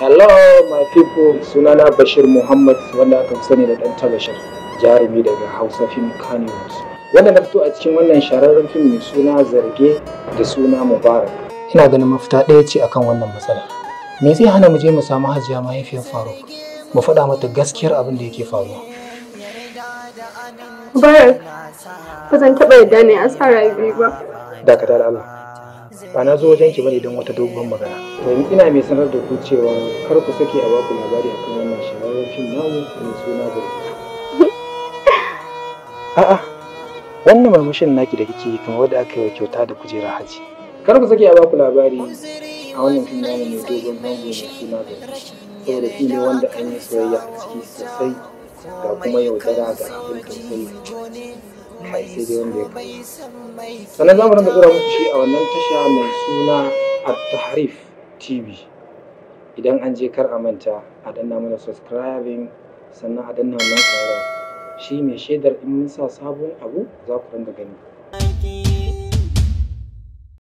Hello my people sunana Bashir Muhammad wanda aka sani da dan Tabashir jarumi daga Hausa Film Canyon. Wanda na fito a cikin wannan shahararren fim mai suna Zarge da suna Mubarak. Ina ganin mafita ɗaya ce akan wannan matsala. Me zai hana mu je mu samu hajiya mahaifiyar Faruk? Mu faɗa mata gaskiyar abin da yake faruwa. Bayar, ba zan taɓa yadda ne a sa rayu ba. Dakata da Allah. Ba na zo wajen ki bane don wata dogon magana. Yanzu ina mai sanar da ku cewa kar ku sake a baku labari akan wannan shahararren fim namu mai suna gari. A'a, wannan murmushin naki da kike yi kamar wadda aka yi wa kyauta da kujera haji. Kar ku sake a baku labari a wannan fim namu mai dogon hango mai suna gari. Saboda da ne wanda an yi soyayya a ciki sosai. ga kuma yaudara ga abin tausayi kai sai dai wanda ya kai sannan za mu rinka tsira muku shi a wannan tasha mai suna at-tahrif tv idan an je kar a manta a danna mana subscribing sannan a danna mana shi mai shaidar in mun sa sabon abu za ku rinka gani